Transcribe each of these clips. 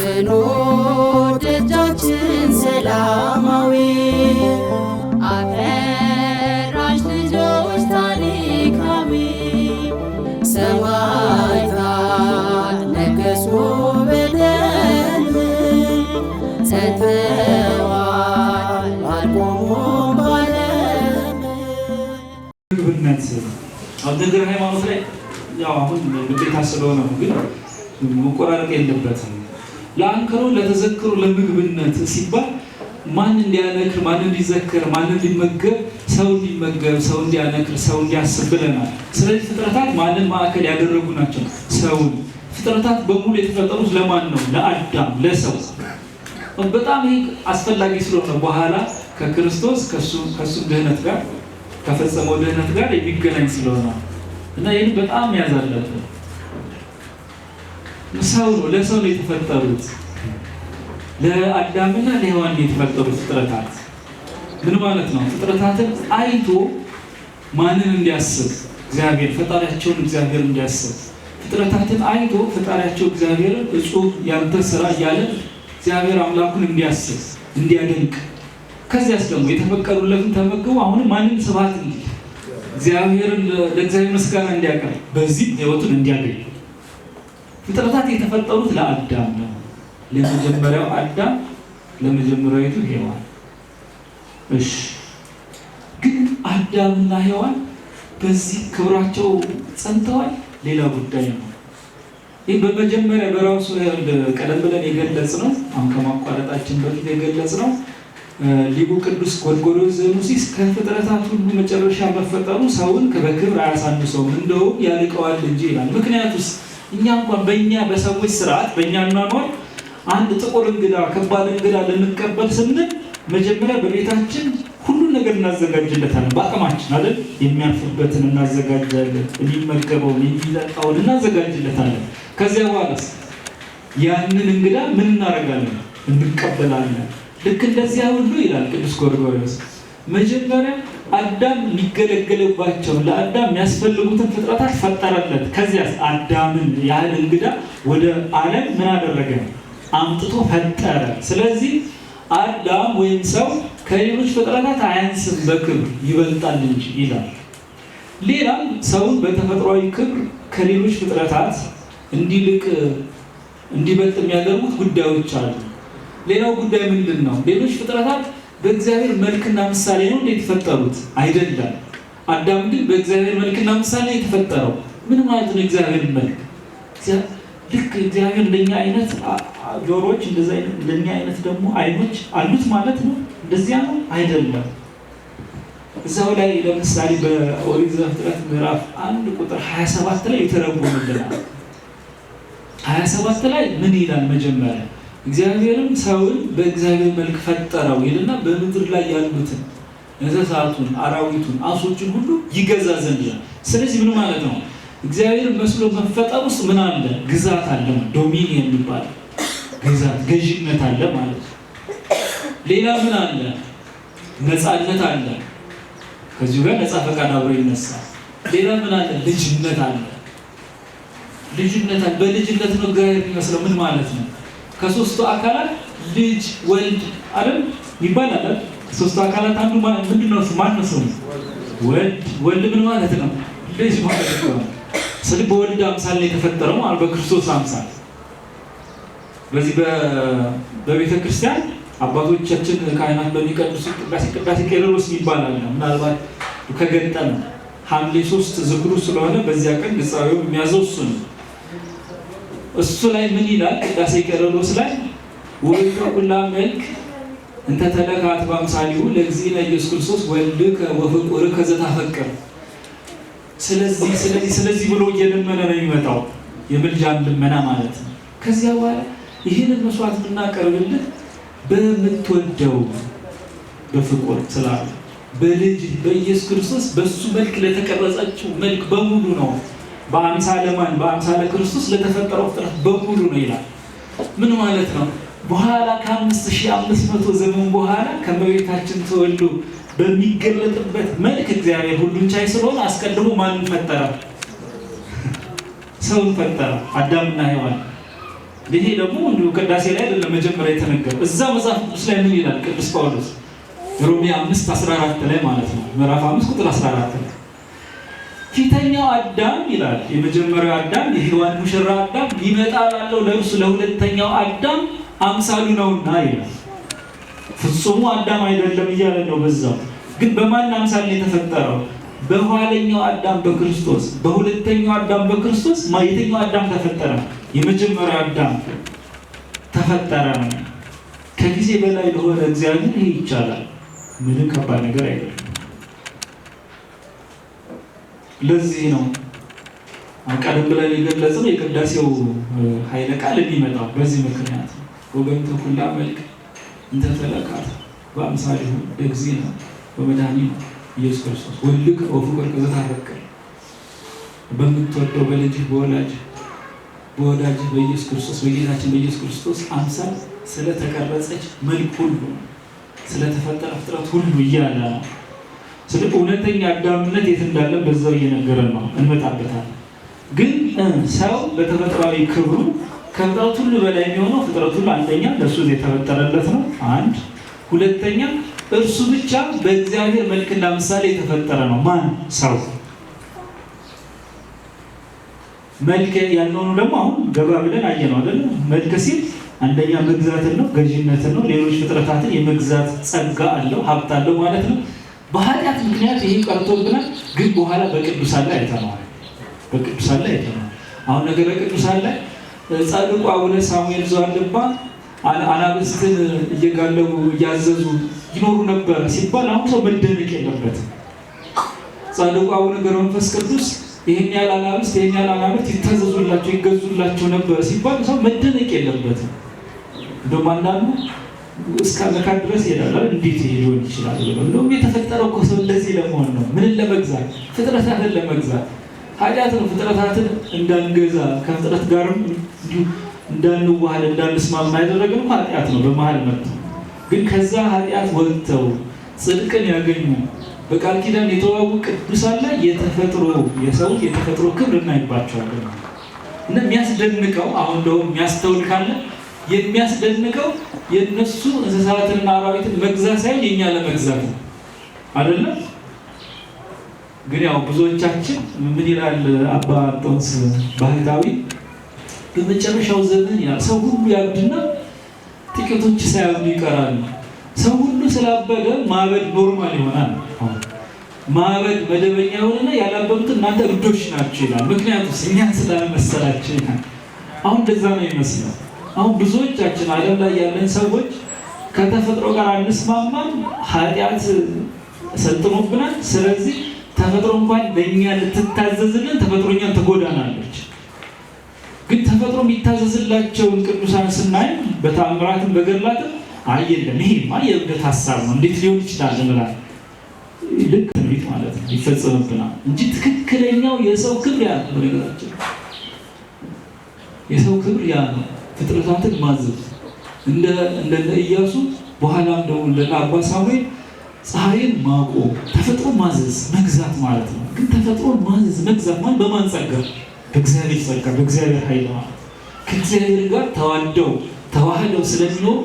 ፍኖ ደጃችን ሰላማዊ አፈራሽ ልጆች ታሪካዊ ሰማዕታት ነገሱ በደል ጸንተዋል አልቆሙም ባለም አብደግር ሃይማኖት ላይ ያው አሁን ምድር ታስበው ግን መቆራረጥ የለበትም ለአንከሮ ለተዘክሩ ለምግብነት ሲባል ማን እንዲያነክር ማን እንዲዘክር ማን እንዲመገብ ሰው እንዲመገብ ሰው እንዲያነክር ሰው እንዲያስብ ብለናል። ስለዚህ ፍጥረታት ማንን ማዕከል ያደረጉ ናቸው? ሰውን። ፍጥረታት በሙሉ የተፈጠሩት ለማን ነው? ለአዳም ለሰው። በጣም ይህ አስፈላጊ ስለሆነ በኋላ ከክርስቶስ ከእሱ ድህነት ጋር ከፈጸመው ድህነት ጋር የሚገናኝ ስለሆነ እና ይህን በጣም ያዝ ሰው ነው፣ ለሰው ነው የተፈጠሩት። ለአዳምና ለሔዋን የተፈጠሩት ፍጥረታት ምን ማለት ነው? ፍጥረታትን አይቶ ማንን እንዲያስብ እግዚአብሔር ፈጣሪያቸውን እግዚአብሔር እንዲያስብ ፍጥረታትን አይቶ ፈጣሪያቸው እግዚአብሔርን እጹብ ያንተ ስራ እያለ እግዚአብሔር አምላኩን እንዲያስብ እንዲያደንቅ ከዚያስ ደግሞ የተፈቀዱለትን ተመግቡ አሁንም ማንም ስብሐት እንዲል እግዚአብሔርን ለእግዚአብሔር ምስጋና እንዲያቀርብ በዚህ ህይወቱን እንዲያገኝ ፍጥረታት የተፈጠሩት ለአዳም ነው። ለመጀመሪያው አዳም ለመጀመሪያዊቱ ሔዋን። እሺ፣ ግን አዳምና ሔዋን በዚህ ክብራቸው ጸንተዋል? ሌላ ጉዳይ ነው። ይህ በመጀመሪያ በራሱ ቀደም ብለን የገለጽ ነው። አሁን ከማቋረጣችን በፊት የገለጽ ነው። ሊቁ ቅዱስ ጎርጎርዮስ ዘኑሲስ ከፍጥረታት ሁሉ መጨረሻ መፈጠሩ ሰውን በክብር አያሳንሰውም፣ እንደውም ያልቀዋል እንጂ ይላል። ምክንያቱስ እኛ እንኳን በእኛ በሰዎች ስርዓት በእኛ እናኖር አንድ ጥቁር እንግዳ ከባድ እንግዳ ልንቀበል ስንል መጀመሪያ በቤታችን ሁሉን ነገር እናዘጋጅለታለን። በአቅማችን አይደል የሚያርፍበትን እናዘጋጃለን፣ የሚመገበውን የሚጠጣውን እናዘጋጅለታለን። ከዚያ በኋላስ ያንን እንግዳ ምን እናደርጋለን? እንቀበላለን። ልክ እንደዚያ ሁሉ ይላል ቅዱስ ጎርጎርዮስ መጀመሪያ አዳም ሊገለገልባቸው ለአዳም የሚያስፈልጉትን ፍጥረታት ፈጠረለት። ከዚያስ አዳምን ያህል እንግዳ ወደ ዓለም ምን አደረገ? አምጥቶ ፈጠረ። ስለዚህ አዳም ወይም ሰው ከሌሎች ፍጥረታት አያንስም፣ በክብር ይበልጣል እንጂ ይላል። ሌላም ሰውን በተፈጥሯዊ ክብር ከሌሎች ፍጥረታት እንዲልቅ እንዲበልጥ የሚያደርጉት ጉዳዮች አሉ። ሌላው ጉዳይ ምንድን ነው? ሌሎች ፍጥረታት በእግዚአብሔር መልክና ምሳሌ ነው የተፈጠሩት አይደለም። አዳም ግን በእግዚአብሔር መልክና ምሳሌ የተፈጠረው ምን ማለት ነው? እግዚአብሔር መልክ ልክ እግዚአብሔር እንደኛ አይነት ጆሮዎች፣ እንደዚህ አይነት እንደኛ አይነት ደግሞ አይኖች አሉት ማለት ነው። እንደዚያ ነው አይደለም። እዛው ላይ ለምሳሌ በኦሪት ዘፍጥረት ምዕራፍ አንድ ቁጥር 27 ላይ የተረጎመልናል። 27 ላይ ምን ይላል መጀመሪያ እግዚአብሔርም ሰውን በእግዚአብሔር መልክ ፈጠረው ይልና በምድር ላይ ያሉትን እንስሳቱን፣ አራዊቱን፣ አሶችን ሁሉ ይገዛ ዘንድ ይላል። ስለዚህ ምን ማለት ነው? እግዚአብሔር መስሎ መፈጠር ውስጥ ምን አለ? ግዛት አለ። ዶሚኒየን የሚባል ግዛት ገዥነት አለ ማለት ነው። ሌላ ምን አለ? ነፃነት አለ። ከዚሁ ጋር ነፃ ፈቃድ አብሮ ይነሳል። ሌላ ምን አለ? ልጅነት አለ። ልጅነት በልጅነት ነው እግዚአብሔር የሚመስለው ምን ማለት ነው? ከሶስቱ አካላት ልጅ ወልድ አለም ይባላል። ሶስቱ አካላት አንዱ ምንድነው? ማን ነው ስሙ? ወልድ። ወልድ ምን ማለት ነው? ልጅ ማለት ነው። ስለዚህ በወልድ አምሳል ላይ የተፈጠረው ማለት በክርስቶስ አምሳል። በዚህ በቤተ ክርስቲያን አባቶቻችን ካህናት በሚቀድሱ ቅዳሴ ቅዳሴ ቄርሎስ ይባላል። አለ። ምናልባት ከገጠመ ሐምሌ ሶስት ዝክሩ ስለሆነ በዚያ ቀን ግጻዊው የሚያዘው እሱ ነው። እሱ ላይ ምን ይላል? ቅዳሴ ቀረሎስ ላይ ወይቶ ኩላ መልክ እንተ ተለካት በአምሳሊሁ ለእግዚእነ ኢየሱስ ክርስቶስ ወልድከ ወፍቁርከ ዘታፈቅር። ስለዚህ ስለዚህ ስለዚህ ብሎ እየለመነ ነው የሚመጣው፣ የምልጃን ልመና ማለት ነው። ከዚያ በኋላ ይህንን መስዋዕት የምናቀርብልህ በምትወደው በፍቁር ስላለ በልጅ በኢየሱስ ክርስቶስ በእሱ መልክ ለተቀረጸችው መልክ በሙሉ ነው። በአምሳለ ማን በአምሳለ ክርስቶስ ለተፈጠረው ፍጥረት በሙሉ ነው ይላል። ምን ማለት ነው? በኋላ ከአምስት ሺህ አምስት መቶ ዘመን በኋላ ከመቤታችን ተወልዶ በሚገለጥበት መልክ እግዚአብሔር ሁሉን ቻይ ስለሆነ አስቀድሞ ማንን ፈጠረ? ሰውን ፈጠረ፣ አዳምና ሔዋን። ይሄ ደግሞ እንዲሁ ቅዳሴ ላይ አይደለም መጀመሪያ የተነገረው። እዛ መጽሐፍ ቅዱስ ላይ ምን ይላል ቅዱስ ጳውሎስ? ሮሜ 5 14 ላይ ማለት ነው ምዕራፍ አምስት ቁጥር 14 ላይ ፊተኛው አዳም ይላል። የመጀመሪያው አዳም የሔዋን ሙሽራ አዳም ሊመጣ ላለው ለእርሱ ለሁለተኛው አዳም አምሳሉ ነውና ይላል። ፍጹሙ አዳም አይደለም እያለ ነው። በዛው ግን በማን አምሳል የተፈጠረው? በኋለኛው አዳም በክርስቶስ በሁለተኛው አዳም በክርስቶስ የትኛው አዳም ተፈጠረ? የመጀመሪያው አዳም ተፈጠረ ከጊዜ በላይ ለሆነ እግዚአብሔር ይሄ ይቻላል። ምንም ከባድ ነገር አይደለም። ለዚህ ነው ቀደም ብለን የገለጽነው የቅዳሴው ኃይለ ቃል የሚመጣው በዚህ ምክንያት ወገን ተኩላ መልክ እንተተለቃት በአምሳሊሁ ለእግዚእነ ነው ኢየሱስ ክርስቶስ ወልቅ ወልድከ ቅዘት አረቀል በምትወደው በልጅህ በወላጅ በወዳጅ በኢየሱስ ክርስቶስ በጌታችን በኢየሱስ ክርስቶስ አምሳል ስለተቀረጸች መልክ ሁሉ ስለተፈጠረ ፍጥረት ሁሉ እያለ ነው ስለ እውነተኛ አዳምነት የት እንዳለ በዛው እየነገረን ነው፣ እንመጣበታል። ግን ሰው በተፈጥሯዊ ክብሩ ከፍጥረት ሁሉ በላይ የሚሆነው ፍጥረት ሁሉ አንደኛ ለእሱ የተፈጠረለት ነው። አንድ ሁለተኛ እርሱ ብቻ በእግዚአብሔር መልክና ምሳሌ የተፈጠረ ነው። ማን ሰው መልክ ያልሆኑ ደግሞ አሁን ገባ ብለን አየነው አይደለ? መልክ ሲል አንደኛ መግዛትን ነው፣ ገዥነትን ነው። ሌሎች ፍጥረታትን የመግዛት ጸጋ አለው፣ ሀብት አለው ማለት ነው። በኃጢአት ምክንያት ይሄ ቀርቶብናል፣ ግን በኋላ በቅዱሳን ላይ አይተነዋል። በቅዱሳን ላይ አይተነዋል። አሁን ነገረ ቅዱሳን ላይ ጻድቁ አቡነ ሳሙኤል ዘዋልባ አናብስትን እየጋለቡ እያዘዙ ይኖሩ ነበር ሲባል አሁን ሰው መደነቅ የለበትም። ጻድቁ አቡነ ገብረ መንፈስ ቅዱስ ይህን ያህል አናብስት ይህን ያህል አናብስት ይታዘዙላቸው ይገዙላቸው ነበር ሲባል ሰው መደነቅ የለበትም እንደውም አንዳንዱ እስከ መካድ ድረስ ይሄዳል። እንዴት ሊሆን ይችላል? እንደውም የተፈጠረው እኮ ሰው እንደዚህ ለመሆን ነው። ምንን ለመግዛት? ፍጥረታትን ለመግዛት ኃጢአት ነው። ፍጥረታትን እንዳንገዛ ከፍጥረት ጋርም እንዲሁ እንዳንዋሃድ እንዳንስማማ ያደረግን ኃጢአት ነው። በመሀል መጥቶ ግን ከዛ ኃጢአት ወጥተው ጽድቅን ያገኙ በቃል ኪዳን የተዋቡ ቅዱሳን ላይ የተፈጥሮ የሰው የተፈጥሮ ክብር እናይባቸዋለን እና የሚያስደንቀው አሁን እንደውም የሚያስተውል ካለ የሚያስደንቀው የእነሱ እንስሳትና አራዊትን መግዛት ሳይሆን የኛ ለመግዛት ነው አይደለም። ግን ያው ብዙዎቻችን ምን ይላል አባ ጦንስ ባህታዊ በመጨረሻው ዘመን ያ ሰው ሁሉ ያብድና ጥቂቶች ሳያምኑ ይቀራሉ። ሰው ሁሉ ስላበደ ማበድ ኖርማል ይሆናል። ማበድ መደበኛ የሆነና ያላበዱት እናንተ እብዶች ናቸው ይላል። ምክንያቱስ እኛን ስላመሰላቸው ይላል። አሁን እንደዛ ነው ይመስላል። አሁን ብዙዎቻችን ዓለም ላይ ያለን ሰዎች ከተፈጥሮ ጋር አንስማማም፣ ኃጢአት ሰልጥኖብናል። ስለዚህ ተፈጥሮ እንኳን ለእኛ ልትታዘዝልን ተፈጥሮኛን ትጎዳናለች። ግን ተፈጥሮ የሚታዘዝላቸውን ቅዱሳን ስናይ በተአምራትም በገድላትም አየለም። ይሄማ የእብደት ሀሳብ ነው እንዴት ሊሆን ይችላል እንላለን። ልክ ትንቢት ማለት ነው ይፈጸምብናል እንጂ ትክክለኛው የሰው ክብር ያ ነው። ነገራችን የሰው ክብር ያ ነው። ፍጥረታትን ማዘዝ እንደ ኢያሱ በኋላ ደግሞ እንደ አባ ሳሙኤል ፀሐይን ማቆም ተፈጥሮ ማዘዝ መግዛት ማለት ነው። ግን ተፈጥሮ ማዘዝ መግዛት ማለት በማን ጸጋ? በእግዚአብሔር ጸጋ፣ በእግዚአብሔር ኃይል ማለት ከእግዚአብሔር ጋር ተዋደው ተዋህደው ስለሚኖር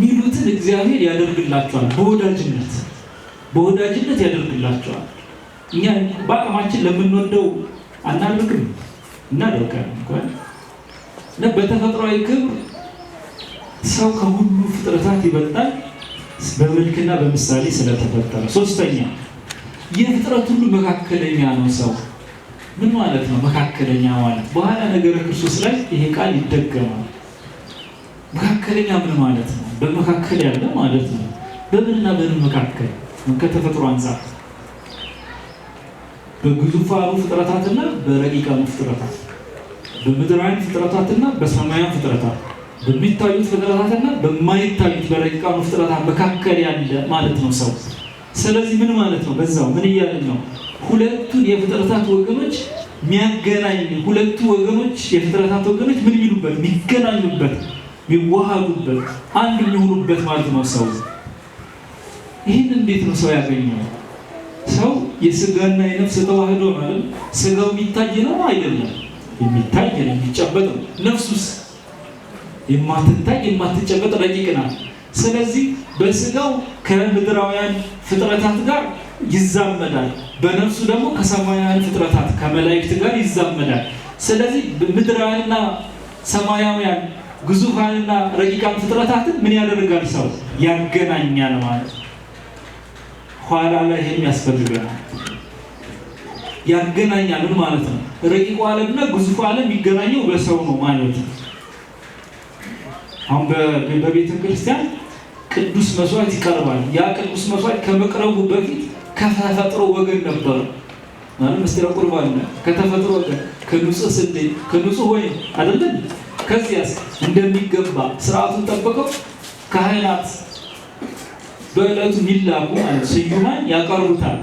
ሚሉትን እግዚአብሔር ያደርግላቸዋል። በወዳጅነት በወዳጅነት ያደርግላቸዋል። እኛ በአቅማችን ለምንወደው አናደርግም፣ እናደርጋለን እንኳን እና በተፈጥሯዊ ክብር ሰው ከሁሉ ፍጥረታት ይበልጣል በመልክና በምሳሌ ስለተፈጠረ። ሶስተኛ የፍጥረት ሁሉ መካከለኛ ነው ሰው። ምን ማለት ነው መካከለኛ ማለት? በኋላ ነገረ ክርስቶስ ላይ ይሄ ቃል ይደገማል። መካከለኛ ምን ማለት ነው? በመካከል ያለ ማለት ነው። በምንና በምን መካከል? ከተፈጥሮ አንጻር በግዙፋኑ ፍጥረታትና በረቂቃኑ ፍጥረታት በምድራዊ ፍጥረታትና በሰማያዊ ፍጥረታት በሚታዩት ፍጥረታትና በማይታዩት በረቂቃኑ ፍጥረታት መካከል ያለ ማለት ነው ሰው። ስለዚህ ምን ማለት ነው? በዛው ምን እያለ ነው? ሁለቱን የፍጥረታት ወገኖች የሚያገናኝ ሁለቱ ወገኖች የፍጥረታት ወገኖች ምን የሚሉበት የሚገናኙበት፣ የሚዋሃዱበት፣ አንድ የሚሆኑበት ማለት ነው ሰው። ይህን እንዴት ነው ሰው ያገኘው? ሰው የስጋና የነፍስ ተዋህዶ ማለት ስጋው የሚታይ ነው አይደለም የሚታይ የሚጨበጥ ነው። ነፍሱስ የማትታይ የማትጨበጥ ረቂቅ ናት። ስለዚህ በስጋው ከምድራውያን ፍጥረታት ጋር ይዛመዳል፣ በነፍሱ ደግሞ ከሰማያውያን ፍጥረታት ከመላእክት ጋር ይዛመዳል። ስለዚህ ምድራውያንና ሰማያውያን ግዙፋንና ረቂቃን ፍጥረታትን ምን ያደርጋል? ሰው ያገናኛል ማለት ኋላ ላይ ይህም ያስፈልገናል። ያገናኛል ማለት ነው። ረቂቁ ዓለምና ግዙፉ ዓለም የሚገናኘው በሰው ነው ማለት ነው። አሁን በቤተ ክርስቲያን ቅዱስ መስዋዕት ይቀርባል። ያ ቅዱስ መስዋዕት ከመቅረቡ በፊት ከተፈጥሮ ወገን ነበረ ማለት ምስጢረ ቁርባን ከተፈጥሮ ወገን ከንጹህ ስንዴ ከንጹህ ወይ አይደለም። ከዚያስ እንደሚገባ ስርዓቱን ጠብቀው ካህናት በእለቱ የሚላኩ ማለት ስዩማን ያቀርቡታል።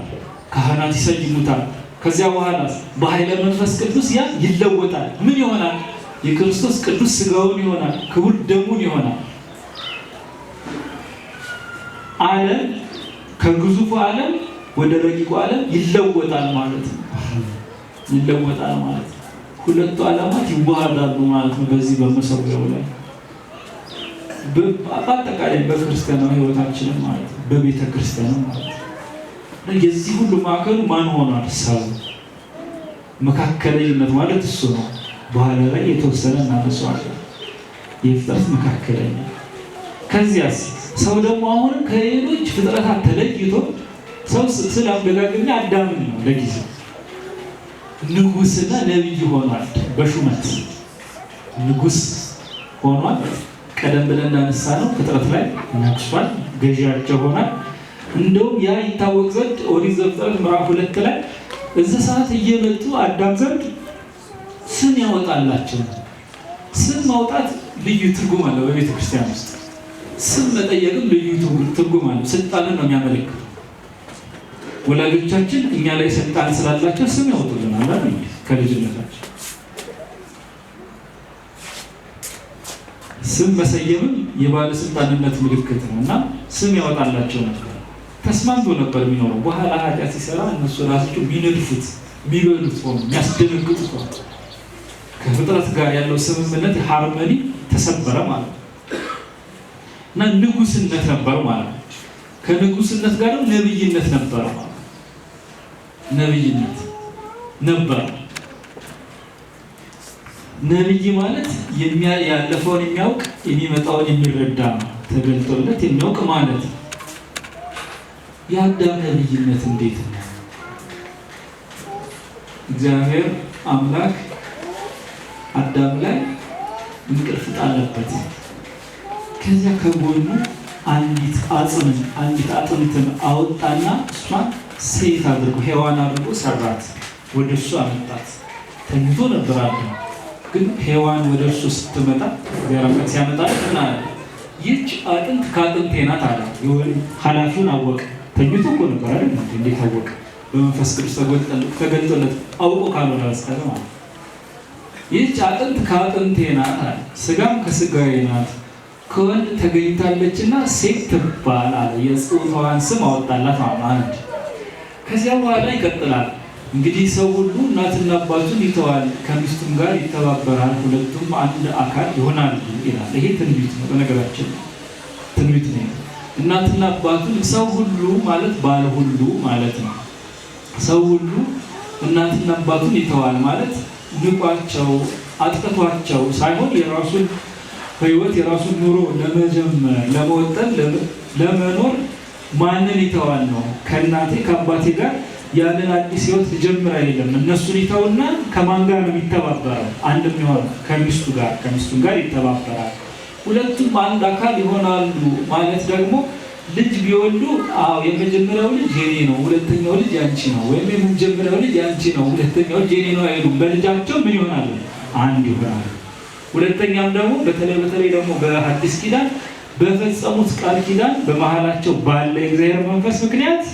ካህናት ይሰይሙታል። ከዚያ በኋላ በኃይለ መንፈስ ቅዱስ ያ ይለወጣል። ምን ይሆናል? የክርስቶስ ቅዱስ ስጋውን ይሆናል፣ ክቡር ደሙን ይሆናል። ዓለም ከግዙፉ ዓለም ወደ ረቂቁ ዓለም ይለወጣል ማለት ነው። ይለወጣል ማለት ነው። ሁለቱ ዓለማት ይዋሃዳሉ ማለት ነው። በዚህ በመሰዊያው ላይ በአጠቃላይ በክርስቲያናዊ ህይወታችንም ማለት ነው፣ በቤተ ክርስቲያንም ማለት ነው። የዚህ ሁሉ ማዕከሉ ማን ሆኗል? ሰው። መካከለኝነት ማለት እሱ ነው። በኋላ ላይ የተወሰነ እናነሳዋለን። የፍጥረት መካከለኛ። ከዚያስ ሰው ደግሞ አሁንም ከሌሎች ፍጥረታት ተለይቶ ሰው ስለ አደጋግና አዳምን ነው ለጊዜው ንጉስና ነቢይ ሆኗል። በሹመት ንጉስ ሆኗል። ቀደም ብለን እንዳነሳ ነው ፍጥረት ላይ ነግሷል፣ ገዢያቸው ሆኗል። እንደውም ያ ይታወቅ ዘንድ ኦሪት ዘፍጥረት ምዕራፍ ሁለት ላይ ሰዓት እየመጡ አዳም ዘንድ ስም ያወጣላቸው። ስም ማውጣት ልዩ ትርጉም አለው። በቤተ ክርስቲያን ውስጥ ስም መጠየቅም ልዩ ትርጉም አለው። ስልጣንን ነው የሚያመለክተው። ወላጆቻችን እኛ ላይ ስልጣን ስላላቸው ስም ያወጡልናል አይደል? ከልጅነታችን ስም መሰየምም የባለስልጣንነት ምልክት ነው እና ስም ያወጣላቸው ነበር። ተስማምቶ ነበር የሚኖረው። በኋላ ኃጢአት ሲሰራ እነሱ ራሳቸው የሚነድፉት የሚበሉት ሆኑ፣ የሚያስደነግጡት ሆኑ። ከፍጥረት ጋር ያለው ስምምነት ሃርመኒ ተሰበረ ማለት ነው እና ንጉስነት ነበር ማለት ነው። ከንጉስነት ጋር ነብይነት ነበረ ማለት ነው። ነብይነት ነበር። ነብይ ማለት ያለፈውን የሚያውቅ የሚመጣውን የሚረዳ ተገልጦለት የሚያውቅ ማለት ነው። የአዳም ነብይነት እንዴት ነው? እግዚአብሔር አምላክ አዳም ላይ እንቅልፍ ጣለበት። ከዚያ ከጎኑ አንዲት አጽምን አንዲት አጥንትን አወጣና እሷን ሴት አድርጎ ሔዋን አድርጎ ሰራት፣ ወደ እሱ አመጣት። ተኝቶ ነበር አዳም። ግን ሔዋን ወደ እሱ ስትመጣ ሲያመጣ ይች አጥንት ከአጥንቴ ናት አለ። ኃላፊውን አወቀ። ተኝቶ እኮ ነበር አይደል? እንዴት አወቀ? በመንፈስ ቅዱስ ተገልጦለት አውቆ ካልሆነ በስተቀር ማለት ይህች አጥንት ከአጥንቴ ናት አለ፣ ስጋም ከስጋዊ ናት ከወንድ ተገኝታለችና ሴት ትባል አለ። የጾታዋን ስም አወጣላት ማለት። ከዚያ በኋላ ይቀጥላል እንግዲህ ሰው ሁሉ እናትና አባቱን ይተዋል፣ ከሚስቱም ጋር ይተባበራል፣ ሁለቱም አንድ አካል ይሆናሉ ይላል። ይሄ ትንቢት ነው። በነገራችን ትንቢት ነው። እናትና አባቱ ሰው ሁሉ ማለት ባል ሁሉ ማለት ነው። ሰው ሁሉ እናትና አባቱን ይተዋል ማለት ንቋቸው፣ አጥቅቷቸው ሳይሆን የራሱን ህይወት የራሱን ኑሮ ለመጀመር ለመወጠን፣ ለመኖር ማንን ይተዋል ነው? ከእናቴ ከአባቴ ጋር ያለን አዲስ ህይወት ልጀምር አይደለም። እነሱን ይተውና ከማን ጋር ነው የሚተባበረው? አንድም የሚሆነው ከሚስቱ ጋር ከሚስቱ ጋር ይተባበራል። ሁለቱም አንድ አካል ይሆናሉ ማለት ደግሞ ልጅ ቢወልዱ፣ አዎ የመጀመሪያው ልጅ የኔ ነው፣ ሁለተኛው ልጅ ያንቺ ነው፣ ወይም የመጀመሪያው ልጅ ያንቺ ነው፣ ሁለተኛው ልጅ የኔ ነው አይሉም። በልጃቸው ምን ይሆናሉ? አንድ ይሆናሉ። ሁለተኛም ደግሞ በተለይ በተለይ ደግሞ በአዲስ ኪዳን በፈጸሙት ቃል ኪዳን በመሀላቸው ባለ እግዚአብሔር መንፈስ ምክንያት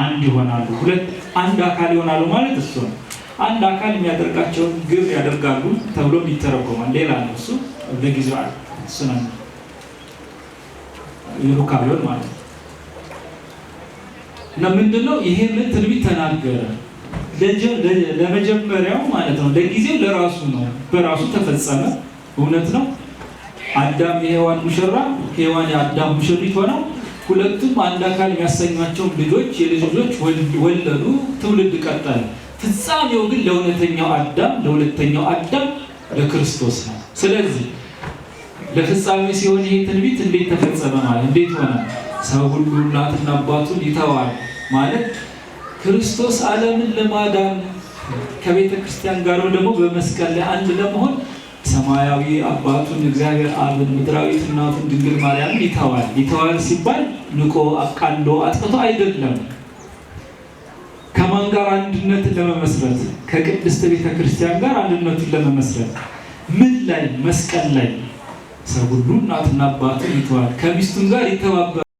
አንድ ይሆናሉ። ሁለት አንድ አካል ይሆናሉ ማለት እሱ ነው። አንድ አካል የሚያደርጋቸውን ግብ ያደርጋሉ ተብሎ ይተረጎማል። ሌላ ነው እሱ ለጊዜው አለ ስነን የሩካቤውን ማለት ነው። እና ምንድን ይሄንን ትንቢት ተናገረ ለመጀመሪያው ማለት ነው። ለጊዜው ለራሱ ነው፣ በራሱ ተፈጸመ። እውነት ነው። አዳም የሔዋን ሙሽራ፣ ሔዋን የአዳም ሙሽሪት ሆነው ሁለቱም አንድ አካል የሚያሰኟቸውን ልጆች የልጅ ልጆች ወለዱ። ትውልድ ቀጠለ። ፍጻሜው ግን ለእውነተኛው አዳም ለሁለተኛው አዳም ለክርስቶስ ነው። ስለዚህ ለፍጻሜ ሲሆን ይሄ ትንቢት እንዴት ተፈጸመ ማለት እንዴት ሆነ? ሰው ሁሉ እናትና አባቱን ይተዋል ማለት ክርስቶስ ዓለምን ለማዳን ከቤተ ክርስቲያን ጋር ደግሞ በመስቀል ላይ አንድ ለመሆን ሰማያዊ አባቱን እግዚአብሔር አብን ምድራዊት እናቱን ድንግል ማርያም ይተዋል። ይተዋል ሲባል ንቆ አቃሎ አጥፍቶ አይደለም። ከማን ጋር አንድነትን ለመመስረት ከቅድስት ቤተ ክርስቲያን ጋር አንድነቱን ለመመስረት ምን ላይ መስቀል ላይ ሰው ሁሉ እናትና አባቱን ይተዋል፣ ከሚስቱም ጋር ይተባበ